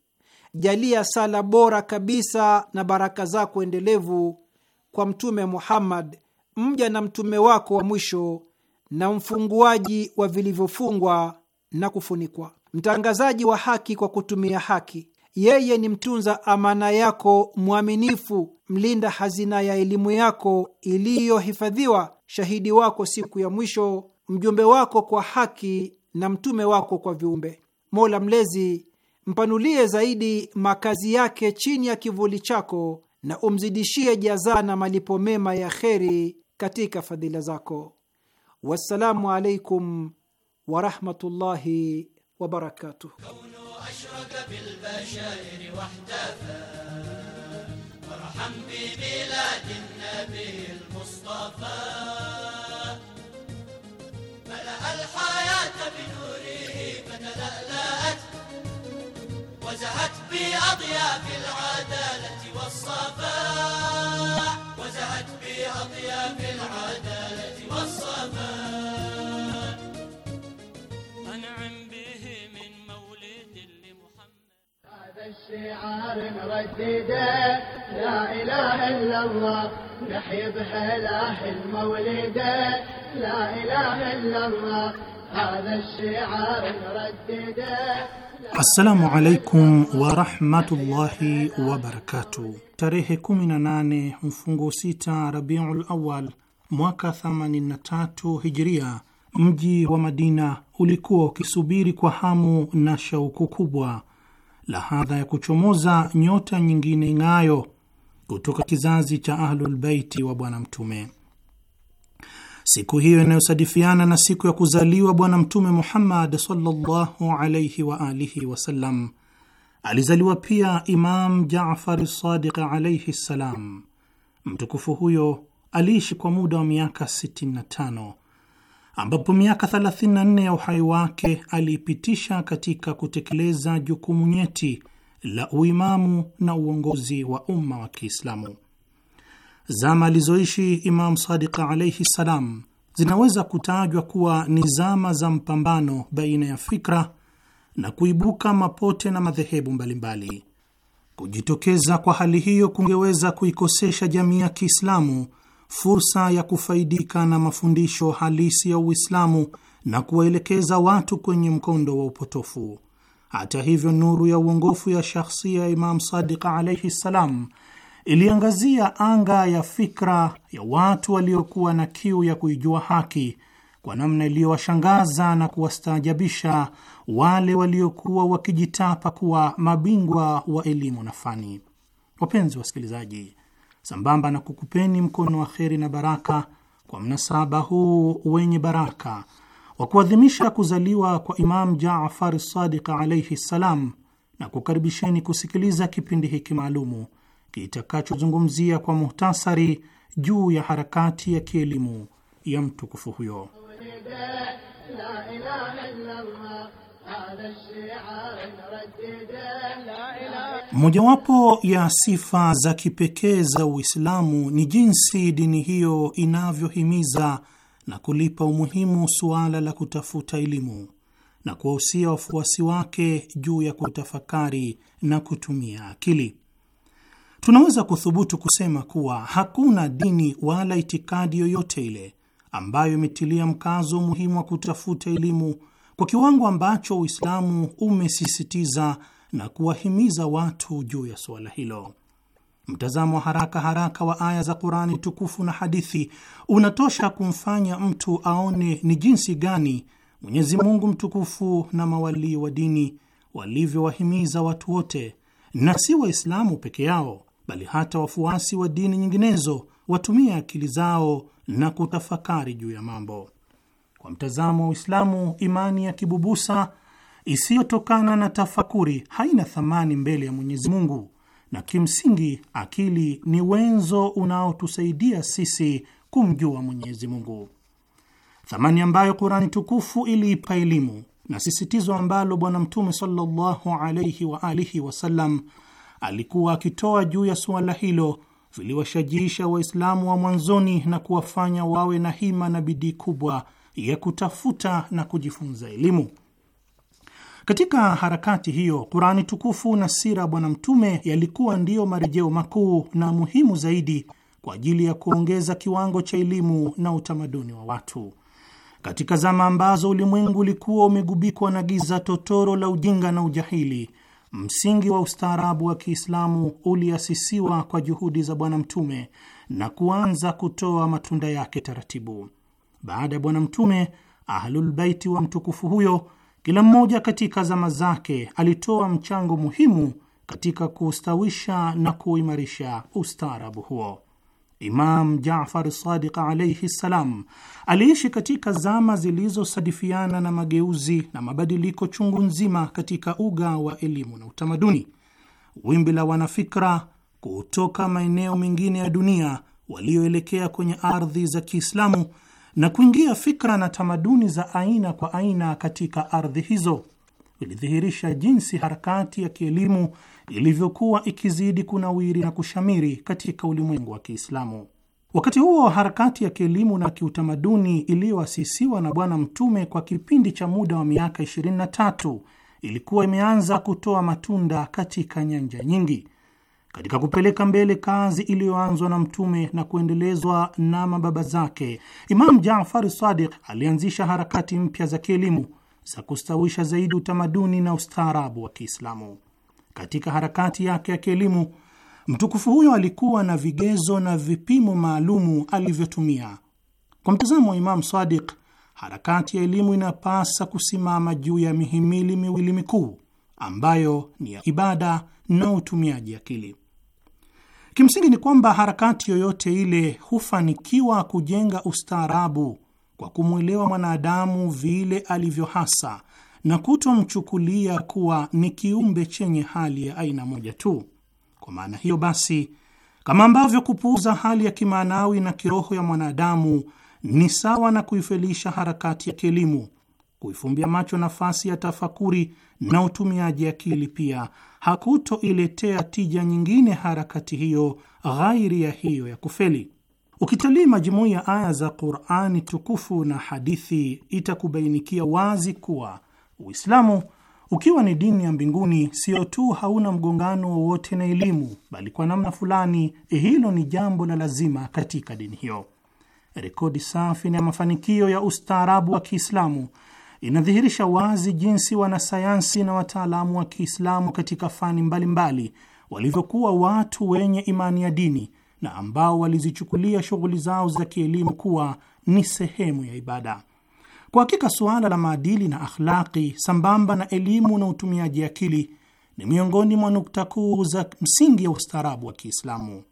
jalia sala bora kabisa na baraka zako endelevu kwa Mtume Muhammad, mja na mtume wako wa mwisho, na mfunguaji wa vilivyofungwa na kufunikwa, mtangazaji wa haki kwa kutumia haki yeye ni mtunza amana yako mwaminifu, mlinda hazina ya elimu yako iliyohifadhiwa, shahidi wako siku ya mwisho, mjumbe wako kwa haki na mtume wako kwa viumbe. Mola Mlezi, Mpanulie zaidi makazi yake chini ya kivuli chako na umzidishie jazaa na malipo mema ya kheri katika fadhila zako. Wassalamu alaikum warahmatullahi وبركاته كون أشرق بالبشائر واحتفى وارحم ببلاد النبي المصطفى ملأ الحياة بنوره فتلألأت وزهت بأضياف العدالة والصفاء وزهت بأضياف العدالة الشعار نردده لا اله الا الله نحيي بحلاه المولده لا اله الا الله هذا الشعار نردده السلام عليكم ورحمة الله وبركاته tarehe 18 mfungo 6 Rabiul Awal mwaka 83 Hijria, mji wa Madina ulikuwa ukisubiri kwa hamu na shauku kubwa lahadha ya kuchomoza nyota nyingine ing'ayo kutoka kizazi cha Ahlulbeiti wa Bwana Mtume. Siku hiyo inayosadifiana na siku ya kuzaliwa Bwana Mtume Muhammad sallallahu alaihi wa alihi wasallam, alizaliwa pia Imam Jafari Sadiq alaihi ssalam. Mtukufu huyo aliishi kwa muda wa miaka 65 ambapo miaka 34 ya uhai wake aliipitisha katika kutekeleza jukumu nyeti la uimamu na uongozi wa umma wa Kiislamu. Zama alizoishi imamu Sadiq alaihi ssalam zinaweza kutajwa kuwa ni zama za mpambano baina ya fikra na kuibuka mapote na madhehebu mbalimbali. Kujitokeza kwa hali hiyo kungeweza kuikosesha jamii ya Kiislamu fursa ya kufaidika na mafundisho halisi ya Uislamu na kuwaelekeza watu kwenye mkondo wa upotofu. Hata hivyo, nuru ya uongofu ya shakhsia ya Imam Sadiq alaihi ssalam iliangazia anga ya fikra ya watu waliokuwa na kiu ya kuijua haki kwa namna iliyowashangaza na kuwastaajabisha wale waliokuwa wakijitapa kuwa mabingwa wa elimu na fani. Wapenzi wasikilizaji, sambamba na kukupeni mkono wa kheri na baraka kwa mnasaba huu wenye baraka wa kuadhimisha kuzaliwa kwa Imam Jaafar Sadiq alaihi ssalam, na kukaribisheni kusikiliza kipindi hiki maalumu kitakachozungumzia kwa muhtasari juu ya harakati ya kielimu ya mtukufu huyo. Mojawapo ya sifa za kipekee za Uislamu ni jinsi dini hiyo inavyohimiza na kulipa umuhimu suala la kutafuta elimu na kuwahusia wafuasi wake juu ya kutafakari na kutumia akili. Tunaweza kuthubutu kusema kuwa hakuna dini wala itikadi yoyote ile ambayo imetilia mkazo umuhimu wa kutafuta elimu kwa kiwango ambacho Uislamu umesisitiza na kuwahimiza watu juu ya suala hilo. Mtazamo wa haraka haraka wa aya za Qurani tukufu na hadithi unatosha kumfanya mtu aone ni jinsi gani Mwenyezi Mungu mtukufu na mawalii wa dini walivyowahimiza watu wote, na si Waislamu peke yao, bali hata wafuasi wa dini nyinginezo watumie akili zao na kutafakari juu ya mambo kwa mtazamo wa Uislamu, imani ya kibubusa isiyotokana na tafakuri haina thamani mbele ya Mwenyezi Mungu, na kimsingi akili ni wenzo unaotusaidia sisi kumjua Mwenyezi Mungu, thamani ambayo Kurani tukufu iliipa elimu na sisitizo ambalo Bwana Mtume sallallahu alaihi wa alihi wasallam alikuwa akitoa juu ya suala hilo viliwashajiisha Waislamu wa mwanzoni na kuwafanya wawe na hima na bidii kubwa ya kutafuta na kujifunza elimu. Katika harakati hiyo, Kurani tukufu na sira Bwana Mtume yalikuwa ndiyo marejeo makuu na muhimu zaidi kwa ajili ya kuongeza kiwango cha elimu na utamaduni wa watu. Katika zama ambazo ulimwengu ulikuwa umegubikwa na giza totoro la ujinga na ujahili, msingi wa ustaarabu wa Kiislamu uliasisiwa kwa juhudi za Bwana Mtume na kuanza kutoa matunda yake taratibu baada ya Bwana Mtume, Ahlulbaiti wa mtukufu huyo, kila mmoja katika zama zake alitoa mchango muhimu katika kustawisha na kuimarisha ustaarabu huo. Imam Jafar Sadiq alaihi ssalam aliishi katika zama zilizosadifiana na mageuzi na mabadiliko chungu nzima katika uga wa elimu na utamaduni. Wimbi la wanafikra kutoka maeneo mengine ya dunia walioelekea kwenye ardhi za Kiislamu na kuingia fikra na tamaduni za aina kwa aina katika ardhi hizo. Ilidhihirisha jinsi harakati ya kielimu ilivyokuwa ikizidi kunawiri na kushamiri katika ulimwengu wa Kiislamu. Wakati huo harakati ya kielimu na kiutamaduni iliyoasisiwa na Bwana Mtume kwa kipindi cha muda wa miaka 23 ilikuwa imeanza kutoa matunda katika nyanja nyingi katika kupeleka mbele kazi iliyoanzwa na Mtume na kuendelezwa na mababa zake, Imamu Jafari Sadiq alianzisha harakati mpya za kielimu za kustawisha zaidi utamaduni na ustaarabu wa Kiislamu. Katika harakati yake ya kielimu, mtukufu huyo alikuwa na vigezo na vipimo maalumu alivyotumia. Kwa mtazamo wa Imamu Sadiq, harakati ya elimu inapasa kusimama juu ya mihimili miwili mikuu ambayo ni ya ibada na utumiaji akili. Kimsingi ni kwamba harakati yoyote ile hufanikiwa kujenga ustaarabu kwa kumwelewa mwanadamu vile alivyo hasa na kutomchukulia kuwa ni kiumbe chenye hali ya aina moja tu. Kwa maana hiyo basi, kama ambavyo kupuuza hali ya kimaanawi na kiroho ya mwanadamu ni sawa na kuifelisha harakati ya kielimu, kuifumbia macho nafasi ya tafakuri na utumiaji akili pia hakutoiletea tija nyingine harakati hiyo ghairi ya hiyo ya kufeli. Ukitalii majumui ya aya za Qur'ani tukufu na hadithi, itakubainikia wazi kuwa Uislamu ukiwa ni dini ya mbinguni, sio tu hauna mgongano wowote na elimu, bali kwa namna fulani hilo ni jambo la lazima katika dini hiyo. Rekodi safi na mafanikio ya ustaarabu wa Kiislamu inadhihirisha wazi jinsi wanasayansi na wataalamu wa Kiislamu katika fani mbalimbali walivyokuwa watu wenye imani ya dini na ambao walizichukulia shughuli zao za kielimu kuwa ni sehemu ya ibada. Kwa hakika suala la maadili na akhlaki sambamba na elimu na utumiaji akili ni miongoni mwa nukta kuu za msingi ya ustaarabu wa Kiislamu.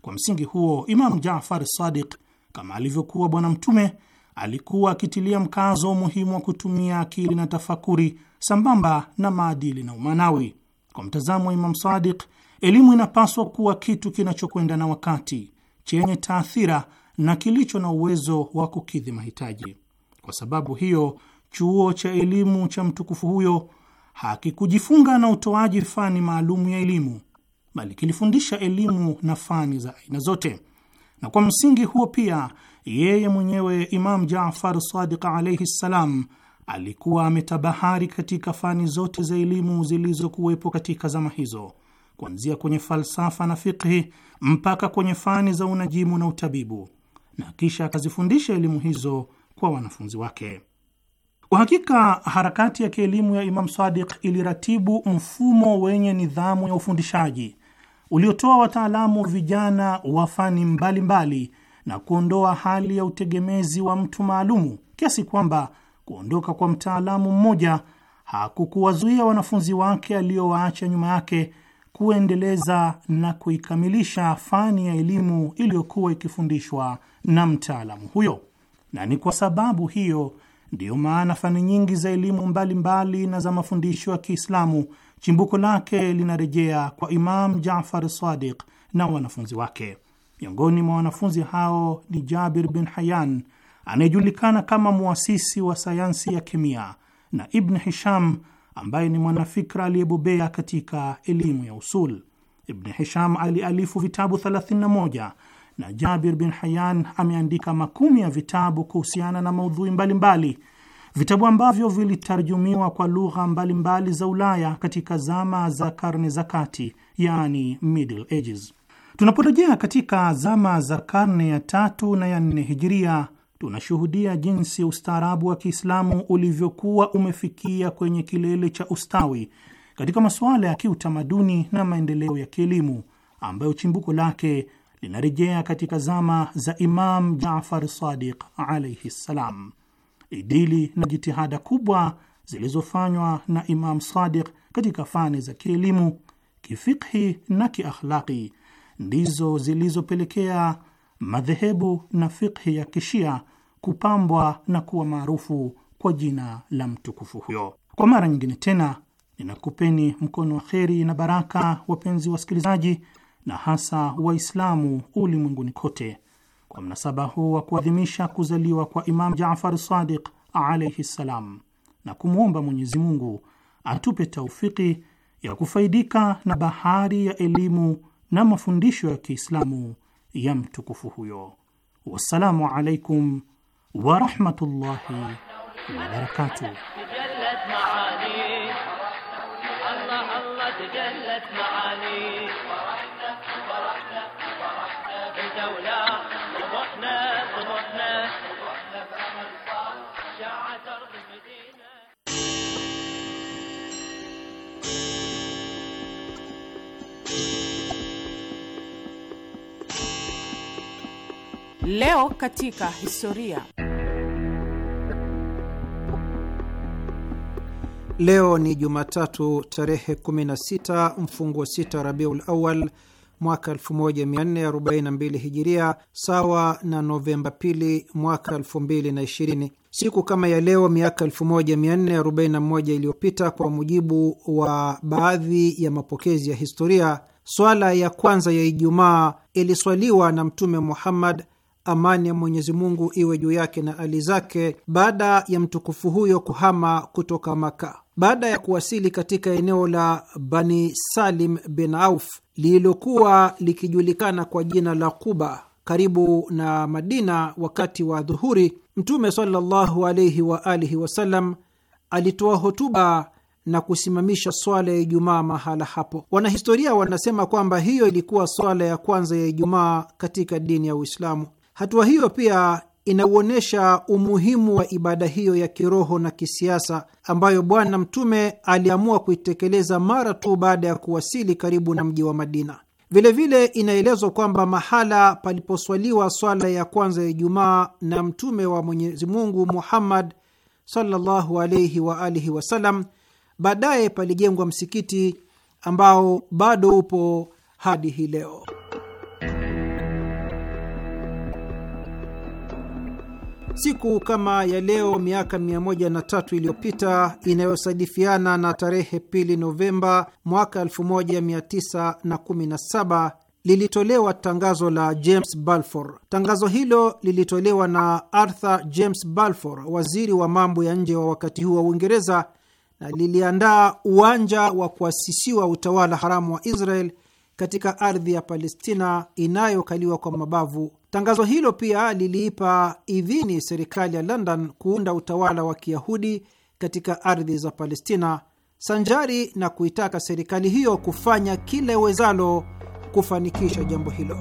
Kwa msingi huo, Imamu Jafar Sadiq kama alivyokuwa Bwana Mtume alikuwa akitilia mkazo umuhimu wa kutumia akili na tafakuri sambamba na maadili na umanawi. Kwa mtazamo wa Imam Sadiq, elimu inapaswa kuwa kitu kinachokwenda na wakati, chenye taathira na kilicho na uwezo wa kukidhi mahitaji. Kwa sababu hiyo, chuo cha elimu cha mtukufu huyo hakikujifunga na utoaji fani maalumu ya elimu, bali kilifundisha elimu na fani za aina zote, na kwa msingi huo pia yeye mwenyewe Imam Jafar Sadiq alaihi ssalam alikuwa ametabahari katika fani zote za elimu zilizokuwepo katika zama hizo, kuanzia kwenye falsafa na fikhi mpaka kwenye fani za unajimu na utabibu, na kisha akazifundisha elimu hizo kwa wanafunzi wake. Kwa hakika harakati ya kielimu ya Imam Sadiq iliratibu mfumo wenye nidhamu ya ufundishaji uliotoa wataalamu vijana wa fani mbalimbali na kuondoa hali ya utegemezi wa mtu maalumu kiasi kwamba kuondoka kwa mtaalamu mmoja hakukuwazuia wanafunzi wake aliyowaacha nyuma yake kuendeleza na kuikamilisha fani ya elimu iliyokuwa ikifundishwa na mtaalamu huyo. Na ni kwa sababu hiyo ndiyo maana fani nyingi za elimu mbalimbali na za mafundisho ya Kiislamu chimbuko lake linarejea kwa Imam Jafar Sadiq na wanafunzi wake. Miongoni mwa wanafunzi hao ni Jabir bin Hayyan anayejulikana kama muasisi wa sayansi ya kemia na Ibn Hisham ambaye ni mwanafikra aliyebobea katika elimu ya usul. Ibn Hisham alialifu vitabu 31 na Jabir bin Hayyan ameandika makumi ya vitabu kuhusiana na maudhui mbalimbali mbali. Vitabu ambavyo vilitarjumiwa kwa lugha mbalimbali za Ulaya katika zama za karne za kati, yani Middle Ages. Tunaporejea katika zama za karne ya tatu na ya nne hijiria, tunashuhudia jinsi ustaarabu wa Kiislamu ulivyokuwa umefikia kwenye kilele cha ustawi katika masuala ya kiutamaduni na maendeleo ya kielimu ambayo chimbuko lake linarejea katika zama za Imam Jafar Sadiq alaihi ssalam. Idili na jitihada kubwa zilizofanywa na Imam Sadiq katika fani za kielimu, kifikhi na kiakhlaqi ndizo zilizopelekea madhehebu na fikhi ya kishia kupambwa na kuwa maarufu kwa jina la mtukufu huyo. Kwa mara nyingine tena ninakupeni mkono wa kheri na baraka, wapenzi wasikilizaji, na hasa Waislamu ulimwenguni kote, kwa mnasaba huu wa kuadhimisha kuzaliwa kwa Imam Jafar Sadiq alaihi ssalam, na kumwomba Mwenyezi Mungu atupe taufiki ya kufaidika na bahari ya elimu na mafundisho ya Kiislamu ya mtukufu huyo. Wassalamu alaikum warahmatullahi wabarakatuh. تجلت معاني Leo katika historia. Leo ni Jumatatu tarehe 16 mfunguo 6 Rabiul Awal mwaka 1442 Hijiria, sawa na Novemba 2 mwaka 2020. Siku kama ya leo miaka 1441 iliyopita, kwa mujibu wa baadhi ya mapokezi ya historia, swala ya kwanza ya Ijumaa iliswaliwa na Mtume Muhammad amani ya Mwenyezi Mungu iwe juu yake na ali zake, baada ya mtukufu huyo kuhama kutoka Maka. Baada ya kuwasili katika eneo la Bani Salim bin Auf lililokuwa likijulikana kwa jina la Quba karibu na Madina, wakati wa dhuhuri, Mtume sallallahu alaihi wa alihi wasallam alitoa hotuba na kusimamisha swala ya Ijumaa mahala hapo. Wanahistoria wanasema kwamba hiyo ilikuwa swala ya kwanza ya Ijumaa katika dini ya Uislamu. Hatua hiyo pia inauonyesha umuhimu wa ibada hiyo ya kiroho na kisiasa ambayo Bwana Mtume aliamua kuitekeleza mara tu baada ya kuwasili karibu na mji wa Madina. Vilevile inaelezwa kwamba mahala paliposwaliwa swala ya kwanza ya Ijumaa na Mtume wa Mwenyezi Mungu Muhammad sallallahu alaihi wa alihi baadaye palijengwa msikiti ambao bado upo hadi hii leo. Siku kama ya leo miaka 103 iliyopita inayosadifiana na tarehe pili Novemba mwaka 1917 lilitolewa tangazo la James Balfour. Tangazo hilo lilitolewa na Arthur James Balfour, waziri wa mambo ya nje wa wakati huu wa Uingereza, na liliandaa uwanja wa kuasisiwa utawala haramu wa Israel katika ardhi ya Palestina inayokaliwa kwa mabavu. Tangazo hilo pia liliipa idhini serikali ya London kuunda utawala wa Kiyahudi katika ardhi za Palestina, sanjari na kuitaka serikali hiyo kufanya kila iwezalo kufanikisha jambo hilo.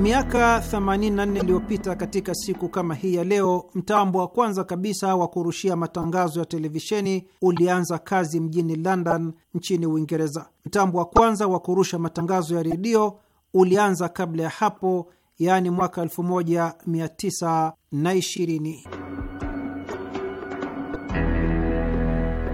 Miaka 84 iliyopita katika siku kama hii ya leo, mtambo wa kwanza kabisa wa kurushia matangazo ya televisheni ulianza kazi mjini London nchini Uingereza. Mtambo wa kwanza wa kurusha matangazo ya redio ulianza kabla ya hapo, yaani mwaka 1920.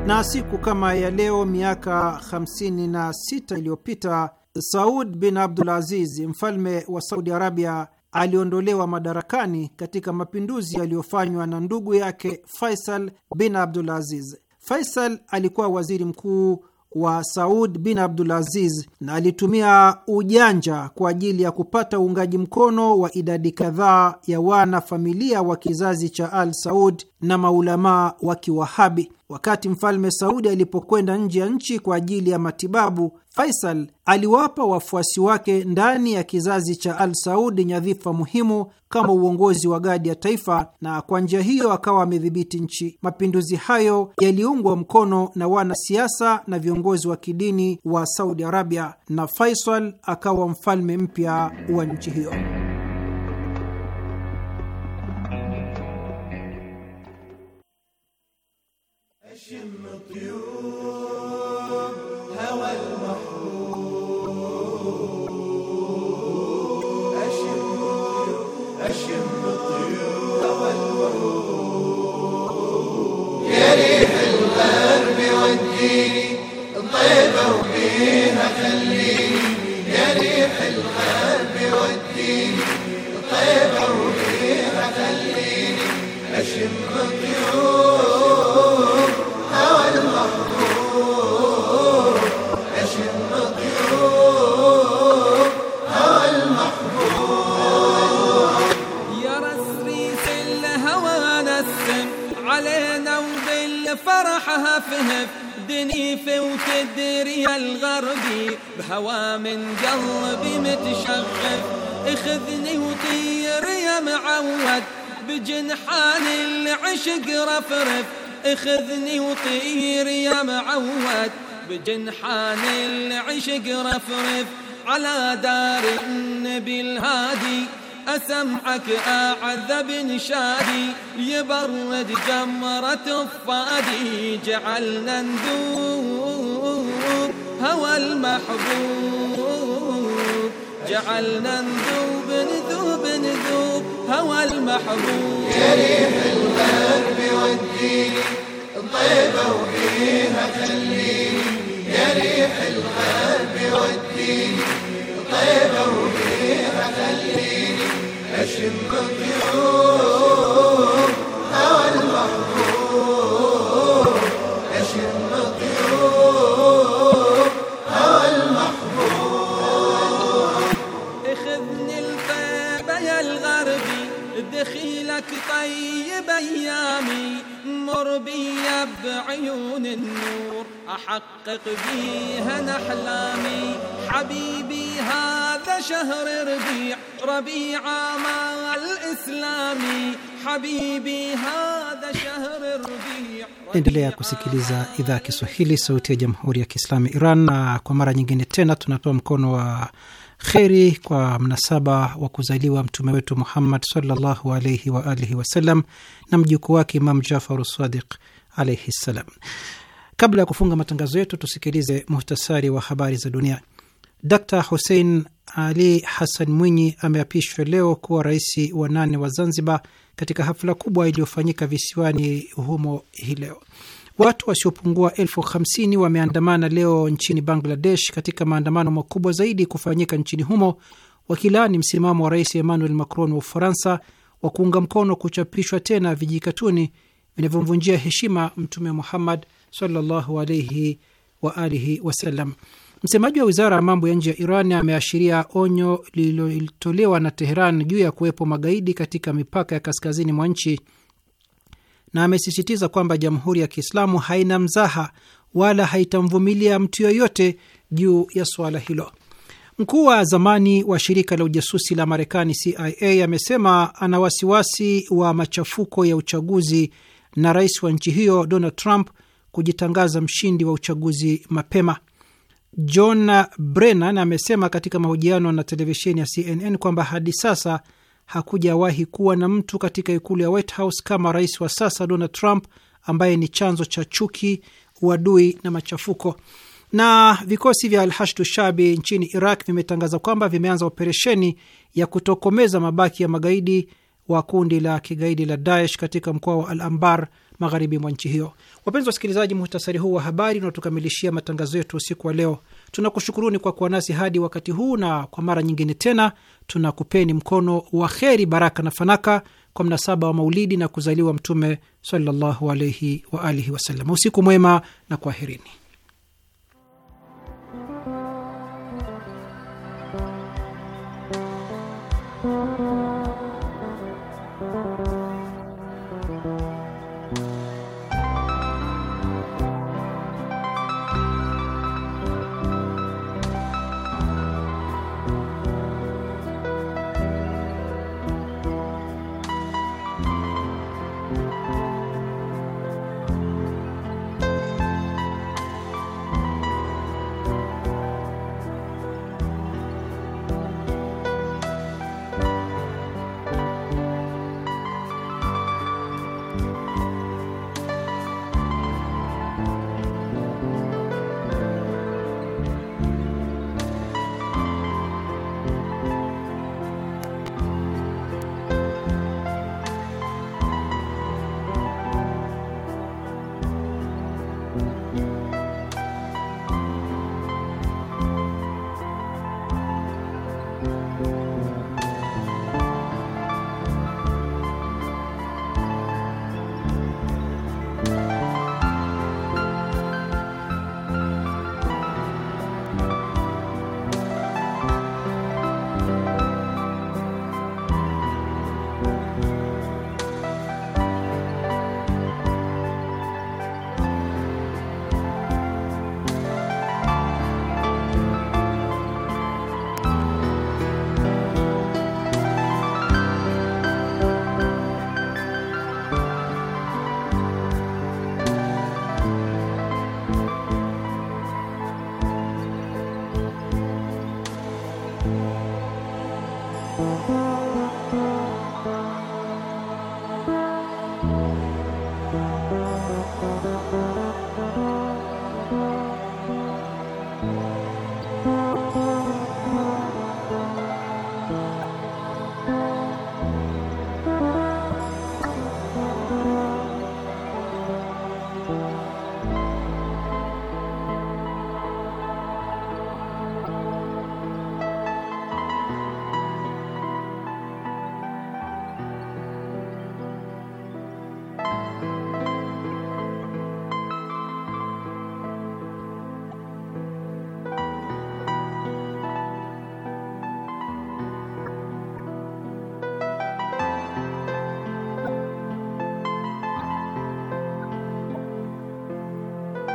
Na siku kama ya leo miaka 56 iliyopita Saud bin abdul aziz mfalme wa Saudi Arabia, aliondolewa madarakani katika mapinduzi yaliyofanywa na ndugu yake Faisal bin abdul aziz Faisal alikuwa waziri mkuu wa Saud bin abdul aziz na alitumia ujanja kwa ajili ya kupata uungaji mkono wa idadi kadhaa ya wana familia wa kizazi cha Al Saud na maulamaa wa Kiwahabi. Wakati mfalme Saudi alipokwenda nje ya nchi kwa ajili ya matibabu, Faisal aliwapa wafuasi wake ndani ya kizazi cha Al Saudi nyadhifa muhimu kama uongozi wa gadi ya taifa, na kwa njia hiyo akawa amedhibiti nchi. Mapinduzi hayo yaliungwa mkono na wanasiasa na viongozi wa kidini wa Saudi Arabia, na Faisal akawa mfalme mpya wa nchi hiyo. شافها دنيفة وتدري الغربي بهوى من قلبي متشغف اخذني وطير يا معود بجنحان العشق رفرف اخذني وطير يا معود بجنحان العشق رفرف على دار النبي الهادي أسمعك أعذب شادي يبرد جمرة الفادي جعلنا ندوب هوى المحبوب جعلنا ندوب ندوب ندوب هوى المحبوب يا ريح الغرب وديني طيبة وفيها خليني يا ريح الغرب وديني عيون النور أحقق بيها أحلامي حبيبي هذا شهر ربيع ربيع ما الإسلامي حبيبي هذا شهر ربيع Endelea kusikiliza idhaa ya Kiswahili, sauti ya jamhuri ya kiislamu Iran. Na kwa mara nyingine tena tunatoa mkono wa kheri kwa mnasaba wa kuzaliwa mtume wetu Muhammad sallallahu alaihi alihi wasallam na mjukuu wake Imam Jafaru Sadiq alaihi ssalam. Kabla ya kufunga matangazo yetu, tusikilize muhtasari wa habari za dunia. d Hussein Ali Hassan Mwinyi ameapishwa leo kuwa rais wa nane wa Zanzibar katika hafla kubwa iliyofanyika visiwani humo hii leo. Watu wasiopungua elfu hamsini wameandamana leo nchini Bangladesh katika maandamano makubwa zaidi kufanyika nchini humo wakilaani msimamo wa rais Emmanuel Macron wa Ufaransa wa kuunga mkono kuchapishwa tena vijikatuni vinavyomvunjia heshima Mtume Muhammad sallallahu alaihi wa alihi wasallam. Msemaji wa wizara ya mambo ya nje ya Iran ameashiria onyo lililotolewa na Teheran juu ya kuwepo magaidi katika mipaka ya kaskazini mwa nchi na amesisitiza kwamba Jamhuri ya Kiislamu haina mzaha wala haitamvumilia mtu yoyote juu ya suala hilo. Mkuu wa zamani wa shirika la ujasusi la Marekani CIA amesema ana wasiwasi wa machafuko ya uchaguzi na rais wa nchi hiyo Donald Trump kujitangaza mshindi wa uchaguzi mapema. John Brennan amesema katika mahojiano na televisheni ya CNN kwamba hadi sasa hakujawahi kuwa na mtu katika ikulu ya White House kama rais wa sasa Donald Trump ambaye ni chanzo cha chuki, uadui na machafuko. Na vikosi vya Alhashdu Shabi nchini Iraq vimetangaza kwamba vimeanza operesheni ya kutokomeza mabaki ya magaidi wa kundi la kigaidi la Daesh katika mkoa wa Al Ambar, magharibi mwa nchi hiyo. Wapenzi wasikilizaji, muhtasari huu wa habari unatukamilishia matangazo yetu usiku wa leo. Tunakushukuruni kwa kuwa nasi hadi wakati huu, na kwa mara nyingine tena tunakupeni mkono wa kheri, baraka na fanaka kwa mnasaba wa maulidi na kuzaliwa Mtume sallallahu alaihi wasallam. Usiku mwema na kwaherini.